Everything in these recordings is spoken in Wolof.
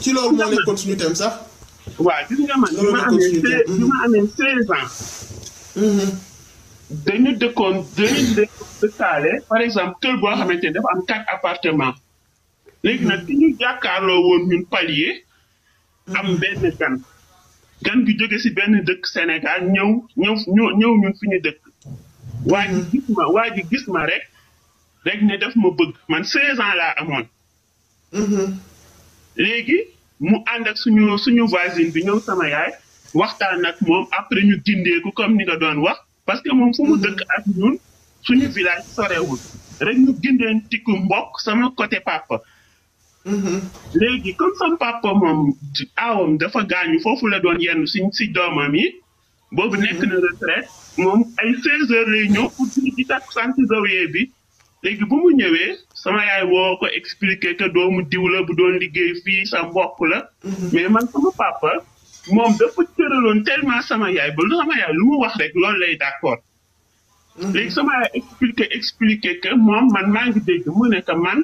ci loolu moo nekkoon suñu sax. waaw gis nga man bi ma amee seize ans. Mm-hmm. dañu dëkkoon dañu dëkkaale par exemple kër boo xamante ne dafa am quatre appartement léegi nag ki ñu jàkkaarloo woon ñun palier. am mm-hmm. benn gan. gan gi jóge si benn dëkk Sénégal ñëw ñëw ñëw ñun fi ñu dëkk. waa ji mm-hmm. gis ma waa ji gis ma rek ne daf ma bëgg man seize ans laa amoon. léegi mu ànd ak suñu suñu voisine bi ñëw sama yaay waxtaan ak moom après ñu gindeeku comme ni nga doon wax parce que moom fu mu mm-hmm. dëkk ak ñun suñu village sorewul rek ñu gindeen tikku mbokk sama côté papa. Mm-hmm. léegi comme sama papa moom aawam dafa gaañu foofu la doon yenn si si doomam yi. boobu nekk mm-hmm. na retraite moom ay 16 heures lay ñëw pour di di takk sant zawiya bi. léegi bu mu ñëwee sama yaay woo ko expliquer que doomu diw la bu doon liggéey fii sa mbokk la. Mhm. mais man sama papa moom dafa tëraloon tellement sama yaay ba lu sama yaay lu mu wax rek loolu lay d'accord. Mhm. léegi sama yaay expliquer expliquer que moom man maa ngi dégg mu ne man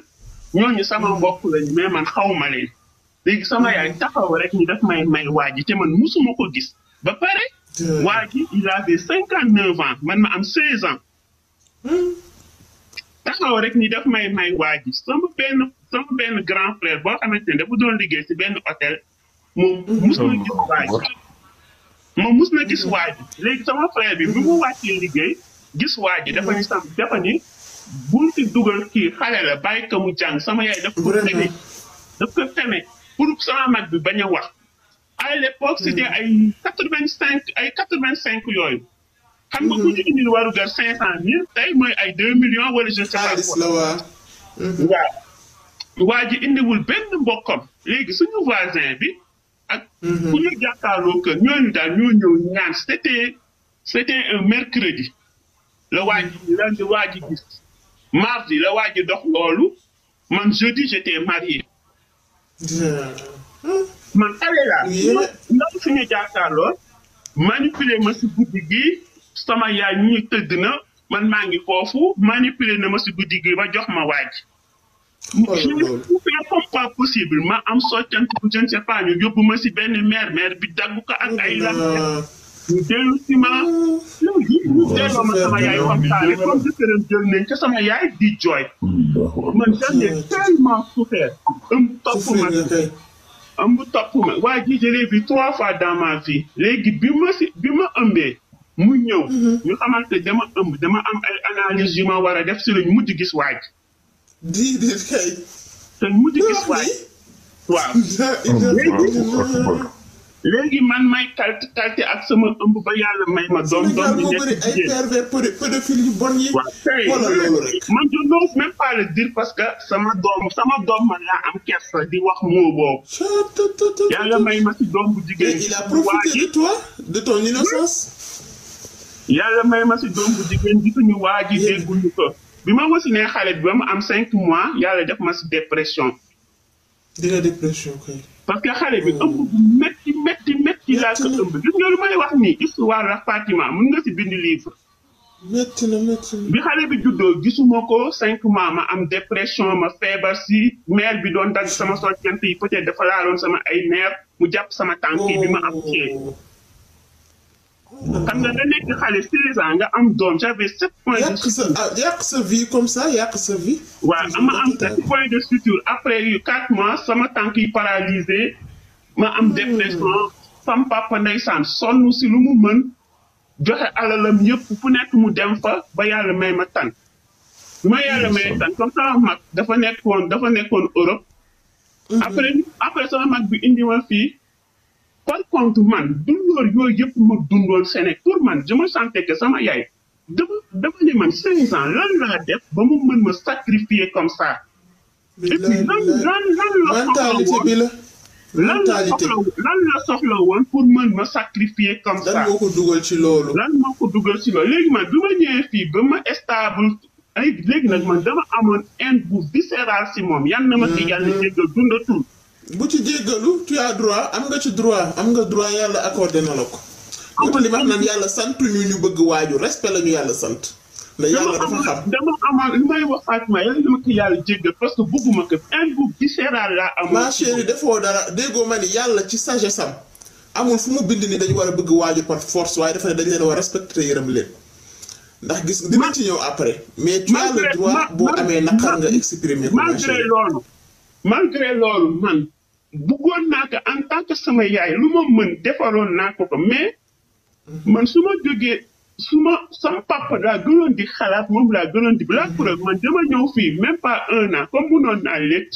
ñooñu sama mhm. mbokk lañu mais man xaw ma leen. léegi sama yaay taxaw rek ñu daf may may waa ji te man musuma ko gis ba pare. waa ji il avait cinquante neuf ans man ma am seize ans. taxaw rek ni daf may may waa ji sama benn sama benn grand frère boo xamante ne dafa doon liggéey si benn hôtel moom mus na gis waa moom mus na léegi sama frère bi mu wàccee liggéey gis waa ji dafa ni sam dafa ni bul ci dugal kii xale la bàyyi ko mu jàng sama yaay daf ko tene daf ko pour sama mag bi bañ a wax à l'époque hmm. ay quatre vingt cinq ay quatre vingt cinq yooyu xam nga ku mhm. ci indil warugar cinq cent mille tey mooy ay deux millions wala je sais pas quoi mhm. waaw waa ji indiwul benn mbokkam léegi suñu voisin bi ak mhm. ku ñu jàkkaarloo que ñooñu daal ñoo ñëw ñaan c'était c'était un mercredi la waa ji lundi mardi la waa ji dox loolu man jeudi j'étais marié man xale ma si guddi gii sama yaay ñu tëdd na man maa ngi foofu manipuler na ma si guddi gi ma jox ma waaj. Oh, je ne sais comme pas possible ma am soccant bu je ne sais si benn maire maire bi dagg ak ay oh, lan. ñu dellu si ma. Oh. sama yaay waxtaane comme jëkkëram jël nañ ko sama yaay di jooy. man dañu ne tellement souffert. ëmb topp ma ëmb topp ma waa ji jëlee bi trois fois dans ma léegi bi ma si bi ma ëmbee. mu ñëw. Mm-hmm. ñu xamante dama ëmb dama am ay analyse yu ma war a def si lañ mujj gis waaj. déedéet kay. mujj gis waaj. léegi. man may kalti kalti ak sama ëmb ba yàlla may ma doom doom bi nekk jigéen man je n'ose même pas le dire parce que sama doom sama doom man laa am kersa di wax moo boobu yàlla may ma si doom bu jigéen. il a profité de ton innocence. yàlla may ma si doom jigéen gisuñu waa ji dégguñu ko bi ma wasinee xale bi ba ma am cinq mois yàlla def ma si dépression. di la parce que xale bi oh. ëmb bu métti métti métti laa ko ëmb gis mun nga si bind livre. métti bi xale bi juddoo gisuma ko cinq mois ma am dépression ma feebar si mère bi doon dagg sama soccant yi peut-être dafa laaloon sama ay nerf mu jàpp sama tànk yi bi ma am. Oh. xam nga nga nekk xale 16 ans nga am doom j'avais 7 ah, points de suture. comme sa vie. waaw ama am 7 après yu 4 sama tànk yi paralysé ma am hmm. dépression sam papa ndeysaan sonn si lu mu mën joxe alalam yëpp fu nekk mu dem fa ba yàlla may ma tan bu ma yàlla may tan comme sama mag dafa nekkoon dafa nekkoon Europe. Hmm. après sama mag bi indi ma fii. par contre man douleur yooyu yëpp ma dundoon Sénégal pour man je me sentais que sama yaay dafa dafa ne man cinq ans lan laa def ba mu mën ma sacrifier comme ça. lan la soxla woon lan pour mën ma sacrifier comme ça. lan moo ko dugal ci loolu. léegi man bi ma ñëwee fii ba ma stable. ay léegi nag man dama amoon haine bu viscérale si moom yan na ma si hmm, yàlla hmm. jéggal dundatul bu ci jéggalu tu as droit am nga ci droit am nga droit yàlla accordé na la ko. wut li ma xam naan yàlla sant ñu ñu bëgg waaju respect la ñu yàlla sant. mais yàlla dafa xam dama wax Fatima yàlla dama parce que bëgguma ko un goût viscéral laa am. ma defoo dara déggoo ma ni yàlla ci sagesse am amul fu mu bind ni dañu war a bëgg waajur par force waaye dafa ne dañ leen war respecté yërëm leen ndax gis nga di ma ci ñëw après. mais tu droit boo amee naqar nga exprimer ko. malgré loolu bëggoon naa ko en tant que sama yaay lu ma mën defaloon naa ko ko mais man su ma jógee su ma sama papa laa gënoon di xalaat moom laa gënoon di la preuve man dama ñëw fii même pas un an comme munoon naa létt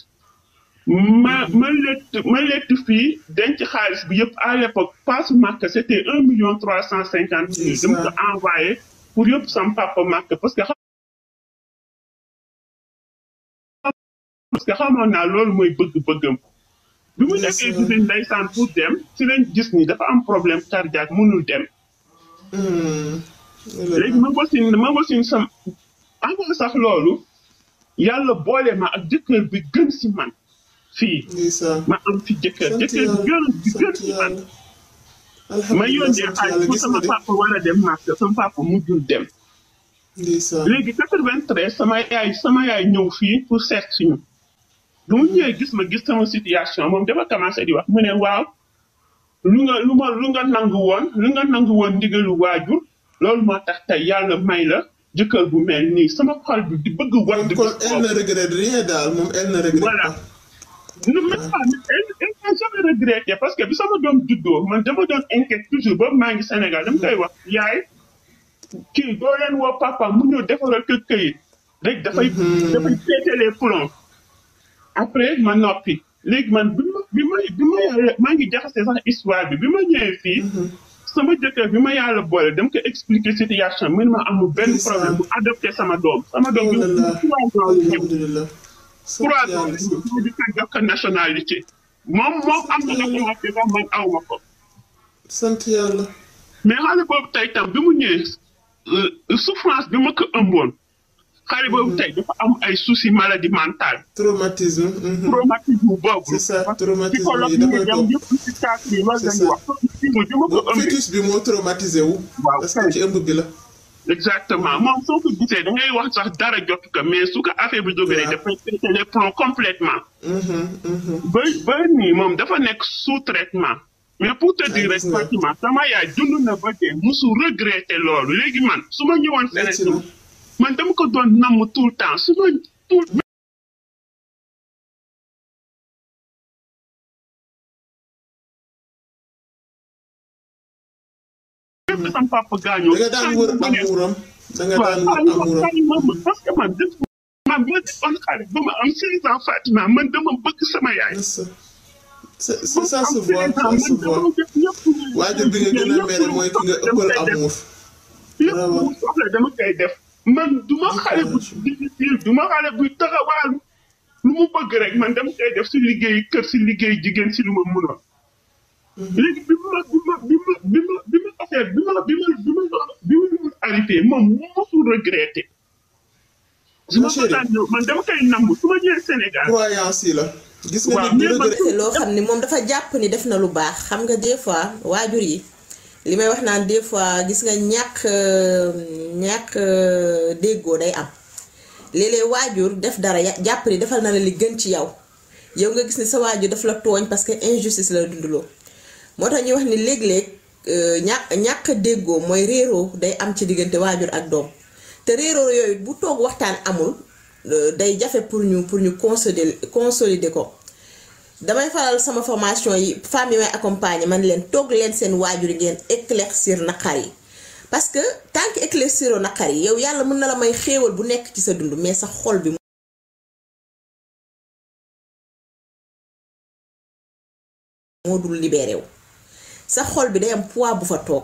ma ma létt ma létt fii denc xaalis bi yëpp à l'époque passe màkk c' un million trois cent cinquante mille dama ko envoyé pour yëpp sama papa màkk parce que parce que xamoon naa loolu mooy bëgg-bëggam bi mu nekkee si lañ ndeysaan pour dem ci lañ gis ni dafa am problème cardiaque mënul dem. Hmm. léegi ma bosin ma bosin sam avant sax loolu yàlla boole ma ak jëkkër bi gën si man fii. ma am fi jëkkër jëkkër bi gën bi gën si man. ma yónnee xaalis pour sama papa war a dem léegi 93 sama yaay sama yaay ñëw fii pour seet si ñu. lu mu ñëwee gis ma gis sama situation moom dafa commencé di wax mu ne waaw lu nga lu nga nangu woon lu nga nangu woon ndigalu waajur loolu moo tax tey yàlla may la jëkkër bu mel nii sama xol bi di bëgg war. di kon elle ne regrette rien daal moom elle ne regrette parce que bi sama doom juddoo man dama doon inquiète toujours boobu maa ngi Sénégal dam koy wax yaay kii doo leen woo papa mu ñëw defaral ko rek dafay mhm. dafay pété les après ma noppi léegi man bi ma bi ma bi ma maa ngi jaxasee sax histoire bi bi ma ñëwee fii. Mhm. sama jëkkër bi ma yàlla boole dama ko expliquer situation mën ma amul benn problème mu adopté sama doom. sama doom bi oh trois moom moom am na ko wax bi man aw ma ko. sant yàlla. mais xale boobu tey tam bi mu ñëwee euh, souffrance bi ma ko ëmboon. xale boobu tey dafa am ay soucis maladie mentale. traumatisme. Mhm. traumatisme boobu. c'est ça traumatisme yi dafay bokk parce que bi moo traumatisé wu. waaw parce que ci ëmb bi la. exactement moom soo ko gisee da ngay wax sax dara jot ko mais su ko affaire bi jógee dafay traité complètement. Mhm, mhm. ba ba nii moom dafa nekk sous traitement. mais pour te dire rek ah, pratiquement sama yaay dund na ba dee musu regretter loolu léegi man su ma ñëwoon. man dama ko doon namm tout le temps su ma tout lépp sama papa gaañoo da nga daan wër am wuuram da nga daan man du xale bu difficile du xale buy taxawaalu lu mu bëgg rek man dem see def si liggéey kër si liggéey jigéen ci lu ma mënoon. Mhm. léegi bi ma bi ma bi ma bi ma bi ma bi ma bi ma bi ma bi man dama koy nangu su ma ñëwee Sénégal. croyance yi la. gis nga nit ñi loo xam ne moom dafa jàpp ni def na lu baax xam nga des fois waajur yi. li may wax naan des fois gis nga ñàkk euh, ñàkk euh, déggoo day am léeg-léeg waajur def dara jàpp defal na la li gën ci yow yow nga gis ni sa waajur daf la tooñ parce que injustice la dunduloo moo tax ñuy wax ni léeg-léeg euh, ñàkk ñàkk déggoo mooy réeroo day am ci diggante waajur ak doom te réeroo yooyu bu toog waxtaan amul day jafe pour ñu pour ñu consolider consolider ko damay faral sama formation yi femmes yi may accompagner man leen toog leen seen waajur yi ngeen éclaircir naqar yi parce que tànk que éclairciro naqar yi yow yàlla mën na la may xéewal bu nekk ci sa dund mais sa xol bi moo dul libéré sa xol bi day am poids bu fa toog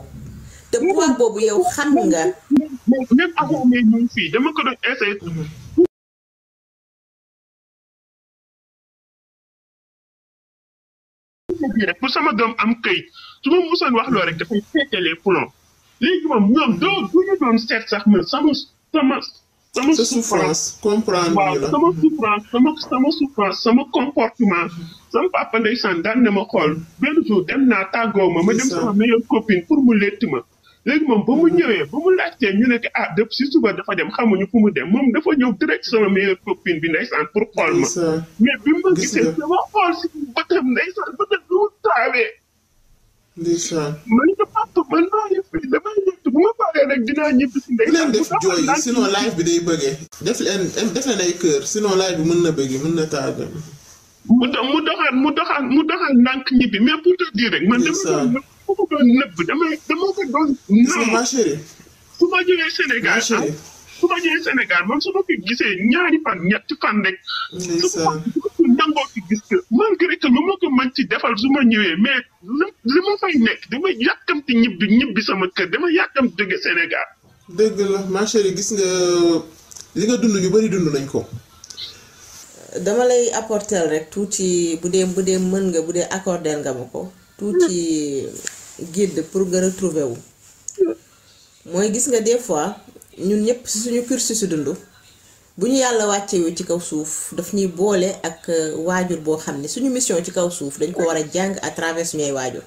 te poids boobu yow xam nga. fii a pour sama doom am këyit su ma musoon wax loo rek dafay féetalee plomb léegi moom ñoom doo bu ñu doon seet sax man sama sama. sama souffrance comprendre waaw sama souffrance sama comportement sama papa ndeysaan daan na ma xool benn jour dem naa tàggoo ma ma dem sama meilleure copine pour mu lett ma. léegi moom ba mu ñëwee ba mu laajtee ñu nekk ah dëpp si suba dafa dem xamuñu fu mu dem moom dafa ñëw direct sama meilleure copine bi ndeysaan pour xool ma mais ma gisee bi mu taawee man nga papa man maa yëpp damay yëpp ma paree dinaa ñibbi si ndeysaan def jooy day bëggee def leen def leen ay kër sinon mën na bëggee mën na taal mu doxaan mu doxaan mu doxaan ndànk ñibbi mais pour te dire rek man dama ku ko doon nëbb dama ma ah, gisee ñaari fan ñetti fan rek. ci defal su ma ñëwee mais li ma fay nekk sama kër dama yàkkamti jóge Sénégal. dëgg la ma gis nga li nga dund ñu bëri dund nañ ko. dama lay apporter rek tuuti bu dee mën nga bu dee accorder nga ma ko tuuti. guide pour nga retrouver wu mooy gis nga des fois ñun ñëpp si suñu cursus si dund bu ñu yàlla wàccewee ci kaw suuf daf ñuy boole ak euh, waajur boo xam ne suñu mission ci kaw suuf dañ ko war a jàng à travers suñuy waajur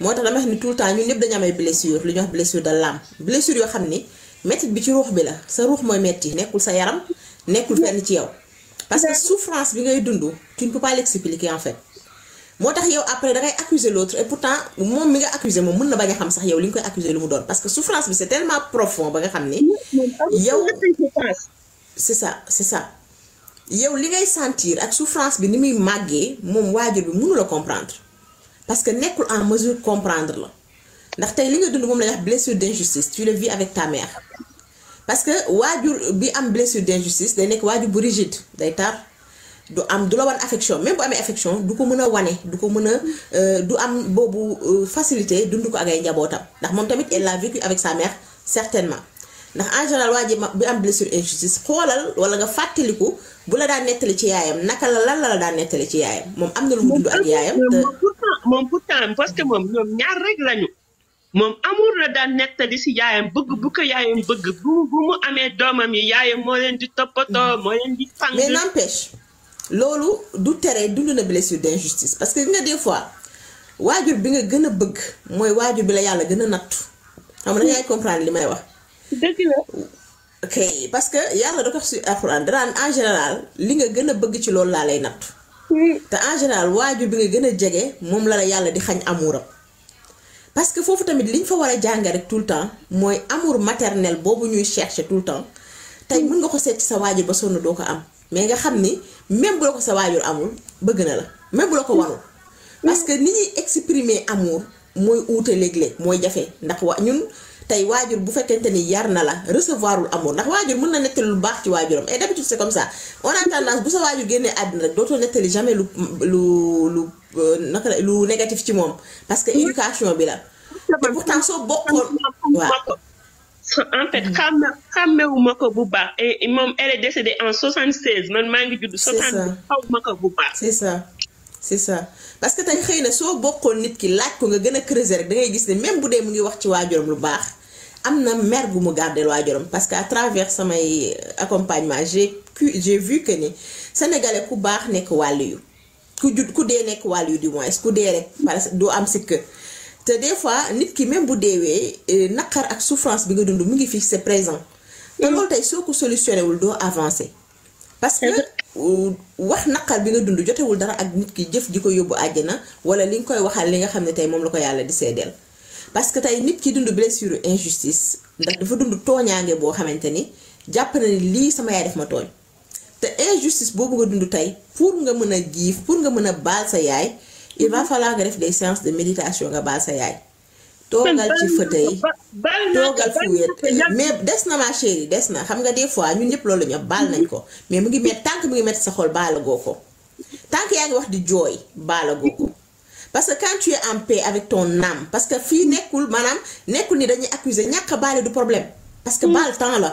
moo tax dama wax ni tout le temps ñun ñëpp dañu amay blessure lu ñuy wax blessure de l'âme blessure yoo xam ni mettit bi ci ruux bi la sa ruux mooy metti nekkul sa yaram nekkul fenn ci yow parce que souffrance bi ngay dund tu ne peux pas l'expliquer moo tax yow après da ngay accuser l'autre et pourtant moom mi nga accuser moom mën na bañ a xam sax yow li nga koy accuser lu mu doon parce que souffrance bi c'est tellement profond ba nga xam ni. yow c'est ça c'est ça. yow li ngay sentir ak souffrance bi ni muy màggee moom waajur bi mënu la comprendre parce que nekkul en mesure comprendre la ndax tey li nga dund moom la ñuy wax blessure d'injustice tu le vis avec ta parce que waajur bi am blessure d'injustice day nekk waajur bu rigide day tar. du am du la war affection même bu amee affection du ko mën a wane du ko mën a euh, du am boobu euh, facilité dund ko ak ay njabootam ndax moom tamit elle l'a vécu avec sa mère certainement ndax en général waa ji bi am blessure injustice xoolal wala nga fàttaliku bu la daan nettali ci yaayam naka la lan la la daan nettali ci yaayam moom am na lu mu dund ak yaayam. moom pourtant parce que moom ñoom ñaar rek lañu moom amour la daan nettali si yaayam bëgg bu ko yaayam bëgg bu bu mu amee doomam yi yaayam moo leen di toppatoo mm-hmm. moo leen di. fang mais n'empêche loolu du tere dund na blessure d'injustice parce que nga des fois waajur bi nga gën a bëgg mooy waajur bi la yàlla gën a nattu xam nga yaay comprendre li may wax. dëgg parce que yàlla da ko wax si alxuraan en général li nga gën a bëgg ci loolu laa lay nattu. te en général waajur bi nga gën a jege moom la la yàlla di xañ amuuram. parce que foofu tamit liñ fa war a jàng rek tout le temps mooy amour maternel boobu ñuy chercher tout le temps tey mën nga ko seet sa waajur ba sonn doo ko am. mais nga xam ni même bu la ko sa waajur amul bëgg na la même bu la ko warul parce que ni ñuy exprimer amour mooy uute léeg-léeg mooy jafe ndax waa ñun tey waajur bu fekkente ni yar na la recevoirul amour ndax waajur mun na nettali lu baax ci waajuram et d'habitude c'est comme ça on a tendance bu sa waajur génnee àddina rek dootoo nettali jamais lu lu lu euh, naka lu négatif ci moom parce que éducation bi la te pourtant soo bokkoon waaw en fait xam mm-hmm. na xàmmewuma ko bu baax et moom elle est décédée en 76 man maa ngi judd. c' est ça xawma ko bu baax. c' est ça c' est ça que tey xëy na soo bokkoon nit ki laaj ko nga gën a creuser rek da ngay gis ne même bu dee mu ngi wax ci waajuram lu baax am na mère bu mu gardé waajuram parce que à travers samay euh, accompagnement j'ai j'ai vu que ni sénégalais ku baax nekk wàll yu ku jud ku dee nekk wàll yu du moins ku dee rek que du am sikk te des fois nit ki même bu deewee euh, naqar ak souffrance bi nga dund mu ngi fi c'est présent te mm. loolu tey soo ko solutionné wul doo avancé parce que euh, wax naqar bi nga dund jotewul dara ak nit ki jëf ji ko yóbbu na wala li nga koy waxal li nga xam ne tey moom la ko yàlla di seedeel parce que tey nit ki dund blessure injustice ndax dafa dund tooñaange boo xamante ni jàpp na ni lii sama yaay def ma tooñ te injustice boo nga dund tey pour nga mën a giif pour nga mën a baal sa yaay il va falloir nga def des séances de méditation nga baal sa yaay. toogal ci fauteuil toogal fu wéet mais des na ma chérie des na xam nga des fois ñun ñëpp loolu la ñu baal nañ ko mais mu ngi met tànk mu ngi metti sa xol baalagoo ko tànk yaa ngi wax di jooy baalagoo ko parce que quand tu es en paix avec ton âme parce que fii nekkul maanaam nekkul ni dañuy accuser ñàkk a baale du problème parce que baal temps la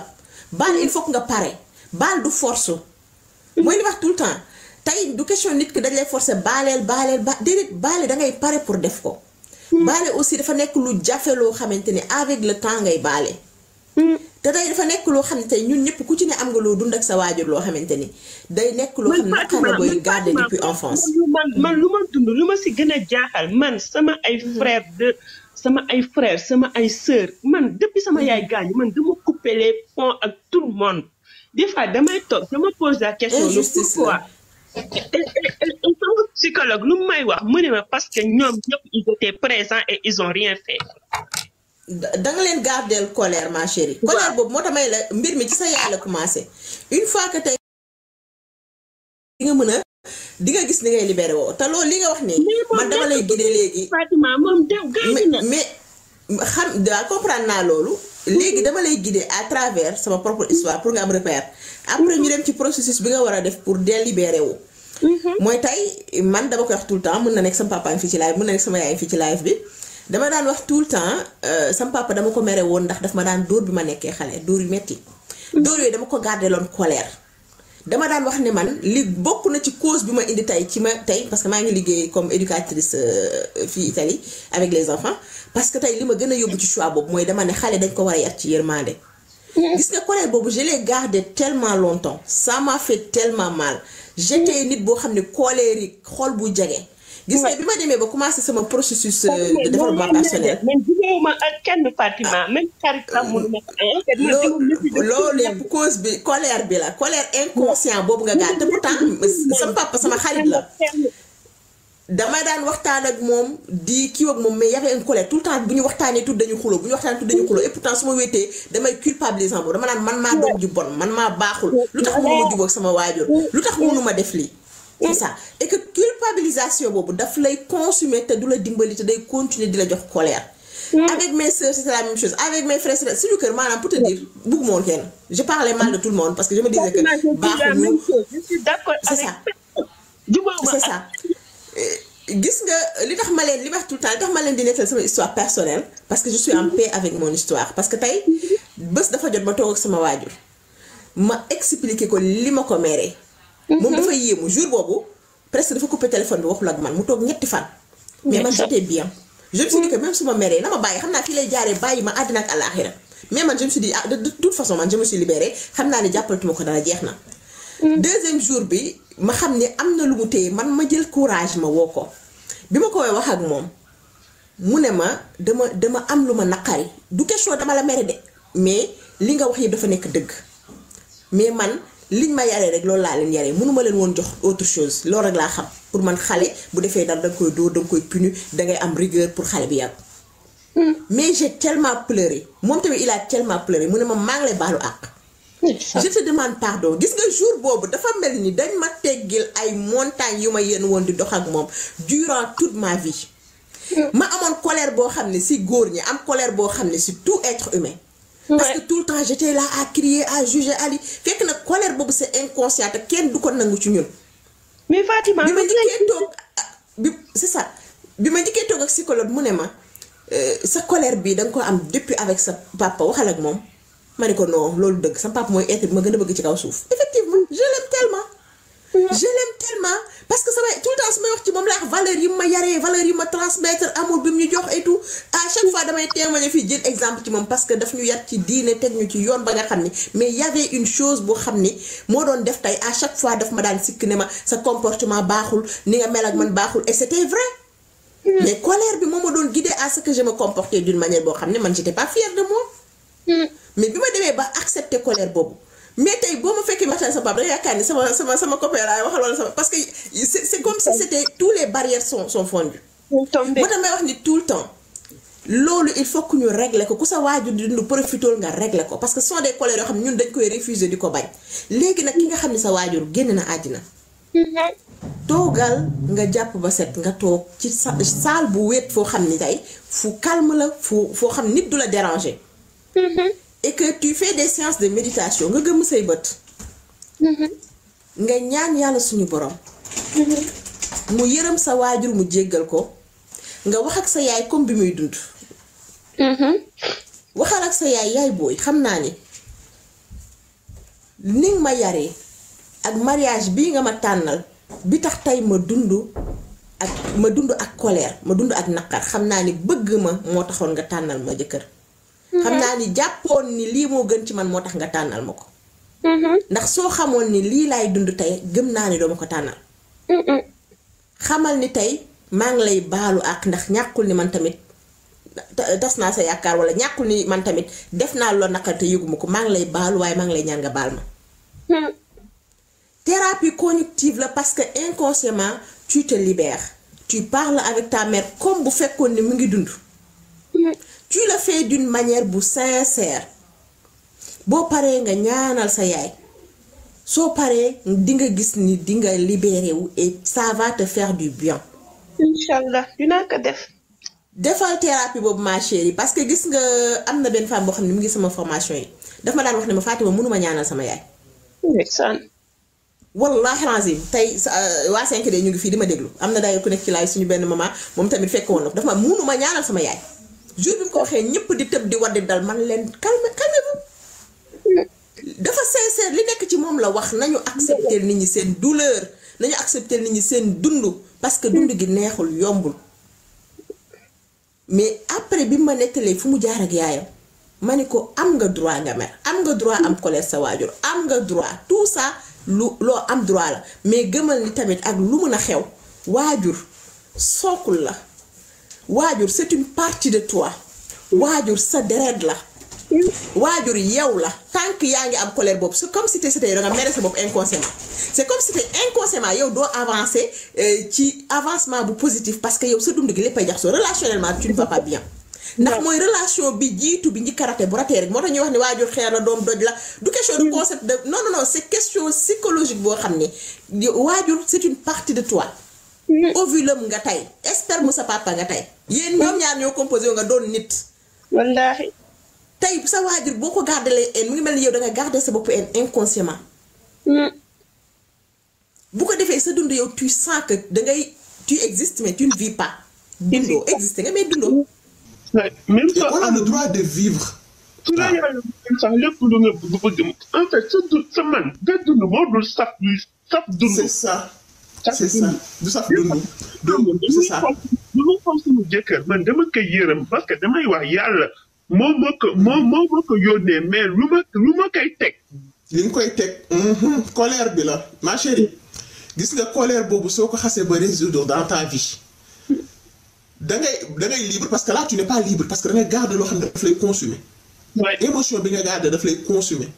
baal il faut nga pare baal du force mooy li wax tout le temps tey du question nit ki dañ lay forcer baaleel baaleel ba baale dangay pare pour def ko. Hmm. baale aussi dafa nekk lu jafe loo xamante ne avec le temps ngay baale. Hmm. te tey dafa nekk loo xam ne tey ñun ñëpp ku ci ne am nga loo dund ak sa waajur loo xamante ni day nekk loo xam ne naka nga koy garder depuis enfance. man hmm. man ma dund lu ma si gën a jaaxal man sama ay sama ay frère sama ay sœur man depuis sama yaay gaañu man dama couper les pont ak tout le monde des fois damay toog dama pose la question. injustice la pourquoi sama psychologue lu may wax mu ne ma parce que ñoom ñëpp ils étaient présents et ils ont rien fait. da leen gardeel colère ma chérie. colère boobu moo tax may la mbir mi ci sa yaay la commencé une fois que tey di nga mën a di nga gis ni ngay libéré woo te loolu li nga wax nii. man dama lay gëne léegi. Fatima mais xam daa comprendre naa loolu. léegi dama lay guider à travers sama propre histoire pour nga am repère après ñu dem ci processus bi nga war a def pour délibéré wu. Mhm. mooy tey man dama koy wax tout le temps mën na nekk sama papa am fii ci mën na sama yaay fii ci live bi dama daan wax tout le temps euh, sama papa dama ko mere woon ndax daf ma daan dóor bi ma nekkee xale dóor yu metti mhm. dóor yooyu dama ko gardeloon colère. dama daan wax ne man li bokk na ci cause bi ma indi tey ci ma tey parce que maa ngi liggéey comme éducatrice euh, fii Italie avec les enfants parce que tey li ma gën a yóbbu ci choix boobu mooy dama ne xale dañ ko war a yar ci yërmande. gis nga colère boobu je l'ai gardé tellement longtemps ça m'a fait tellement mal j'étais nit boo xam ne colérique xol bu jege. gis nga bi ma demee ba commencé sama processus euh, de développement personnel. man jubóowuma ak kenn Fatima ah. même xarit sax mënu ma loolu yëpp cause bi colère bi la colère inconscient boobu nga gaa te pourtant sama papa sama xarit la. dama daan waxtaan ak moom di kii ak moom mais y avait une colère tout le temps bu ñu waxtaanee tout dañu xuloo bu ñu waxtaanee tout dañu xuloo et pourtant su ma wéetee damay culpabilisant boobu dama naan man maa doom ju bon man maa baaxul lu tax mënu ma jubóog sama waajur lu tax mënu ma def lii c'est ça et que culpabilisation boobu daf lay consumer te du la dimbali te day continuer di la jox colère. Mm. avec mes soeurs c'est la même chose avec mes frères c'est suñu kër maanaam pour te dire bëgguma woon kenn je parlais mal de tout le monde parce que je me disais que baaxuñu c'est gis nga li tax ma leen li wax tout le temps li tax ma leen di nettal sama histoire personnelle parce que je suis en paix avec mon histoire parce que tey bés dafa jot ma toog ak sama waajur ma expliquer ko li ma ko meree moom dafa mhm. yéemu jour boobu presque dafa coupé téléphone bi waxul ak man mu toog ñetti fan. mais man j'étais bien. je me suis dit que mhm. même na ma bàyyi xam naa fii lay jaaree bàyyi ma àddina ak àllaaxira mais man je ah, façon man je me xam naa ne jàppalatu ma jeex na. Mhm. deuxième jour bi ma xam ni am na lu mu téye man ma jël courage ma woo ko bi ma ko woowee wax ak moom mu ne ma dama dama am lu ma naqari du question dama la mere de mais li nga wax yëpp dafa nekk dëgg mais man. liñ ma yaree rek loolu laa leen yaree mënuma leen woon jox autre chose loolu rek laa xam pour man xale bu defee dara da koy door da koy puni dangay am rigueur pour xale bi yàgg. Hmm. mais j'ai tellement pleuré moom tamit il a tellement mu ne ma maa ngi lay baalu àq. je te pardon gis nga jour boobu dafa mel ni dañ ma teggil ay montagnes yu ma yéen woon di dox ak moom durant toute ma vie. Hmm. ma amoon colère boo xam ne si góor ñi am colère boo xam ne si tout être humain. parce que tout le temps j'étais là à crier à juger à li fekk nag colère boobu c'est inconscient kenn du ko nangu ci ñun. bi ma njëkkee toog ah, bi c'est ça bi ma njëkkee toog ak psychologue mu ne ma euh, sa colère bi da ko am depuis avec sa papa waxal ak moom ma ne ko non loolu dëgg sa papa mooy être bi ma gën a bëgg ci kaw suuf effectivement je l'aime tellement je classe may wax ci moom laa wax valeur yi ma yaree valeur yi ma transmettre amour bi mu ñu jox et tout à chaque fois damay témoigner que daf ñu yar ci yoon ba nga xam ne mais y avait une chose boo xam ni moo doon def tey à chaque fois daf ma daan sikk ne ma sa comportement baaxul ni nga mel ak man baaxul et c'était vrai hmm. mais colère bi moo ma doon guider à ce que je me d'une manière boo xam ne man j'étais pas fière de hmm. mais bi ma demee ba accepter colère boobu mais tey boo ma fekkee waxtaan sa papa da yaakaar ni sama sama sama copain laay waxal wala sama parce que c'est c'est comme si c'était tous les barrières sont sont fondues. moo tax may wax ni tout le temps. loolu il faut que ñu régler ko ku sa waajur di dund profitool nga régler ko parce que sont des colères yoo xam ne ñun dañ koy refuser di ko bañ léegi nag ki nga xam ni sa waajur génn na àddina toogal nga jàpp ba set nga toog ci sa saal bu wéet foo xam ni tey fu calme la fu foo xam nit du la déranger. Mm-hmm. et que tu fais des séances de méditation nga gëmm say bët. Mm-hmm. nga ñaan yàlla suñu borom. Mm-hmm. mu yërëm sa waajur mu jéggal ko nga wax ak sa yaay comme bi muy dund. Mm-hmm. waxal ak sa yaay yaay booy xam naa ni ni ma yaree ak mariage bii nga ma tànnal bi tax tey ma dund ak ma dund ak koleer ma dund ak naqar xam naa ni bëgg ma moo taxoon nga tànnal ma jëkkër. xam mhm. naa ni jàppoon ni lii moo gën ci man moo tax nga tànnal ma ko. Mhm. ndax soo xamoon ni lii laay dund tey gëm naa ni dooma ko tànnal. Mhm. xamal ni tey maa ngi lay baalu ak ndax ñàkkul ni man tamit tas naa sa yaakaar wala ñàkkul ni man tamit def naa loo naqar yëguma ko maa ngi lay baalu waaye maa ngi lay ñaan nga baal ma. thérapie cognitive la parce que inconsciemment tu te libères tu parles avec ta mère comme bu fekkoon ni mu ngi dund. tu la fais d'une manière bu sincère boo paree nga ñaanal sa yaay soo paree di nga gis ni di nga libéré wu et ça va te faire du bien. incha allah dinaa ko def. defal thérapie boobu ma chérie parce que gis nga am na benn femme boo xam ne mu ngi sama formation yi daf ma daan wax ne ma Fatima mënuma ñaanal sama yaay. ndeysaan. wallaahi lazim tey euh, waa 5D ñu ngi fii di ma déglu am na daay ku nekk ci laay suñu benn maman moom tamit fekk woon na ko daf ma mënuma ñaanal sama yaay. jour bi mu ko waxee ñëpp di tëb di waddi dal man leen calme calme dafa sincère li nekk ci moom la wax nañu accepter nit ñi seen douleur nañu accepter nit ñi seen dund parce que dund gi neexul yombul mais après bi ma nettalee fu mu jaar ak yaayam ma ne ko am nga droit nga mer am nga droit am colère sa waajur am nga droit tout ça lu loo am droit la mais gëmal ni tamit ak lu mën a xew waajur sookul la waajur c'est une partie de toi waajur sa deret la waajur yow la tant yaa ngi am colère boobu c'est comme si te c'était da nga mere sa bopp inconsciemment c'est comme si te inconsciemment euh, ci avancement bu positif parce que yow sa dund gi léppay jaxasoo relationnellement tu ne vas pas mooy relation bi jiitu bi ñi karate bu ratee moo tax ñuy wax ne waajur xeer doom doj la du question de concept de non non non boo xam ne waajur c'est une partie de toi mm. ovulum nga tey sperme sa papa nga tey yéen ñoom ñaar ñoo composé nga doon nit. wallaahi. tey sa waajur boo ko gardalee en mu ngi mel ni yow da nga sa bopp en inconsciemment. Hmm. bu ko defee sa dund yow tu sens que da ngay tu existes mais tu ne vis pas. dundoo existé nga mais dundoo. même soo a le ah. lépp lu nga bëgg en fait sa dund sa man nga dund moo dul saf luy saf dund. c'est ça du saf dund dund c'est ça du ma xool sama jëkkër man dama koy yërëm parce que damay wax yàlla moom moo ko moom moo ma ko yónnee mais lu ma lu ma koy teg li nga koy teg mhm, colère bi la ma chérie gis nga colère boobu soo ko xasee ba résoudre dans ta vie da ngay da ngay libre parce que là tu n'es pas libre parce que da ngay garder loo xam ne daf lay consumer émotion bi nga garder daf lay consumer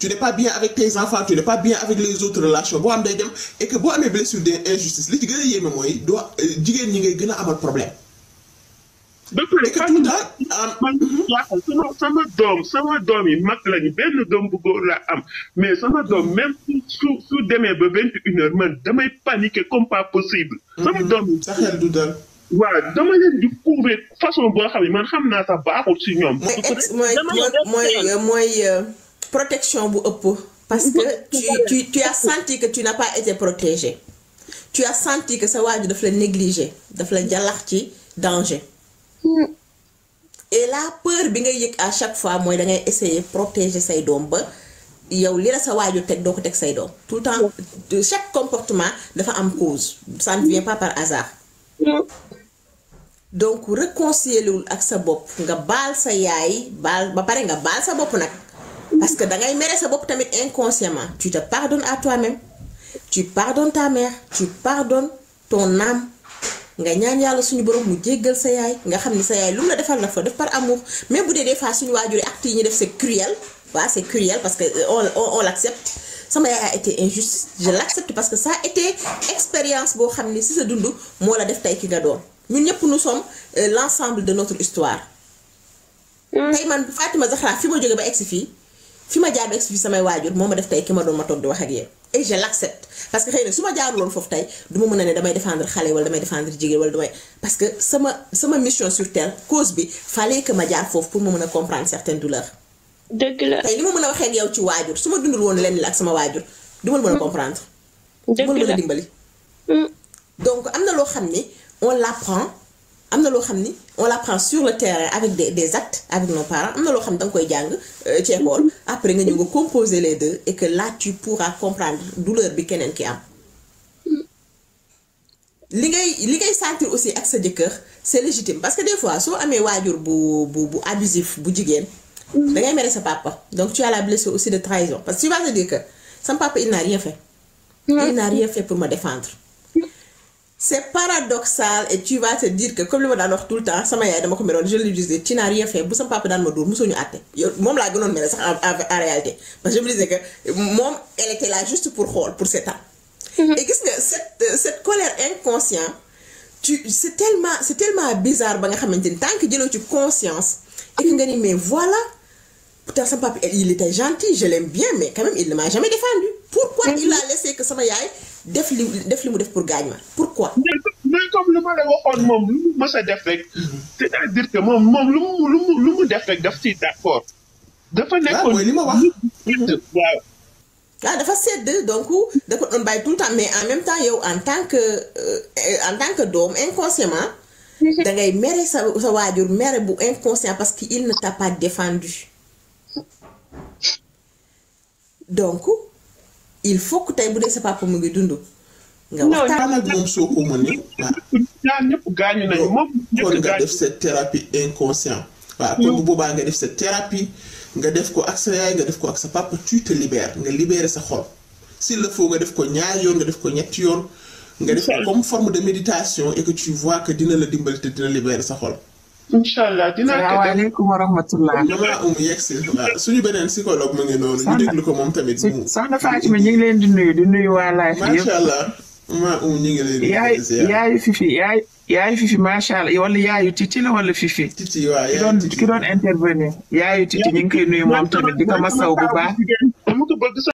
tu n'es pas bien avec tes enfants tu n'es pas bien avec les autres relations boo am day dem et boo amee blessure d'injustice li ci gën a yéeme mooy doo euh, jigéen ñi ngay gën a amal problème. et que tout daal man mhm. sama sama doom sama doom yi mag lañu benn doom bu góor laa am mais sama doom mhm. même su su demee ba vingt et une heure man damay paniquer comme pas possible. sama mhm. doom yi sa xel du dal. waaw dama leen couver façon boo xam ne man xam naa sax baaxul si ñoom. mooy protection bu ëpp parce que tu tu tu as senti que tu n'as pas été protégé tu as senti que sa waajur daf la négligé daf la jalax ci danger mm. et la peur bi ngay yëg à chaque fois mooy da ngay essayer protéger say doom ba yow li la sa waajur teg doo ko teg say doom tout le temps chaque comportement dafa am cause ça ne vient pas par hasard mm. donc réconcilier wul ak sa bopp nga baal sa yaay baal ba pare nga baal sa bopp nag parce que da ngay mere sa bopp tamit inconsciemment tu te pardonnes à toi-même tu pardonnes ta mère tu ton âme nga ñaan yàlla suñu borom mu jéggal sa yaay nga xam ni sa yaay lu mu la defal na fa def par amour mais bu dee des fois suñu waajur acte yi ñu def se cruel waaw c'est cruel parce que euh, on on, on l'accepte sama yaay a été injuste l'accepte parce que sa a été expérience boo xam ni si sa dund moo la def tey ki nga doon ñun ñëpp nous sommes euh, l'ensemble de notre histoire. Mm. tey man Fatima Zahra fi ma jógee ba egsi fii. fi ma jaar ba expliqué samay waajur moo ma def tey ki ma doon ma toog di wax ak yéen et je l'accepte parce que xëy na su ma jaaruloon foofu tey du ma mën a ne damay défendre xale wala damay défendre jigéen wala damay parce que sama sama mission sur terre cause bi fallait que ma jaar foofu pour ma mën a comprendre certaines douleurs. dëgg la tey li ma mën a waxee ak yow ci waajur su ma dundul woon lenn ak sama waajur du ma la mën a mm. comprendre. dëgg la du ma mm. donc am na loo xam ne on am na loo xam ni on l'apprend sur le terrain avec des des actes avec nos parents am na loo xam da nga koy jàng euh, ci école après nga ñëw nga composer les deux et que là tu pourras comprendre douleur bi keneen ki am. li ngay li ngay sentir aussi ak sa jëkkër c'est légitime parce que des fois soo amee waajur bu bu bu bu jigéen. Mm-hmm. da ngay mere sa papa donc tu as la aussi de trahison parce que tu vas te dire que sama papa il n'a rien fait. il n'a rien fait pour ma défendre. c'est paradoxal et tu vas te dire que comme li ma daan wax tout le temps sama yaay dama ko meloon je lui disais tu n'as rien fait bu sama papa daan ma dóor mosuñu àtte yow moom laa gënoon mel sax en réalité parce que je me moom elle était là pour xool pour seetaan. Mm-hmm. et gis nga cette cette colère inconsciente tu ba nga xamante ni tant que jëloo ci conscience. et que nga ni mais voilà pourtant sama papa il était gentil je l'aime bien mais quand il m'a jamais défendu. pourquoi mm-hmm. il a laissé que sama yaay. def li def li mu def pour gaañ ma pourquoi. mais comme lu ma la waxoon moom lu mu mës a def rek. c'est-à-dire moom moom lu mu lu mu def rek daf ci d'accord. dafa nekkoon li ma wax waaw. Ah, dafa sedd donc dafa ko doon bàyyi tout temps mais en même temps yow en tant que euh, en tan que doom inconsciemment dangay ngay mere sa sa waajur mere bu inconscient parce que il ne t'a défendu donc il faut que tey bu dee sa papa mu ngi dund. nga waxtaan ak moom soo ko mënee. waaw ñëpp gaañu nañu moom. kon nga def sa thérapie inconscient. waaw kon bu boobaa nga def sa thérapie nga def ko ak sa yaay nga def ko ak sa papa tu te libères nga libérer sa xol. s'il le faut nga def ko ñaari yoon nga def ko ñetti yoon. nga def ko comme forme de méditation et que tu vois que dina la dimbali te dina libérer sa xol. incha allah dinaa ko def salaamaaleykum wa si waaw suñu beneen psychologue mu ngi noonu. ñu déglu ko moom tamit. soxna Fatima ñu ngi leen di nuyu di nuyu waa Life yëpp macha allah. Um, ngi leen di. yaay yaay fifi yaay yaayu fifi macha allah wala yaayu titi la wala fifi. titi waaw yaayu titi ki doon ki yaayu titi ñu ngi koy nuyu moom tamit di ko masaw bu baax.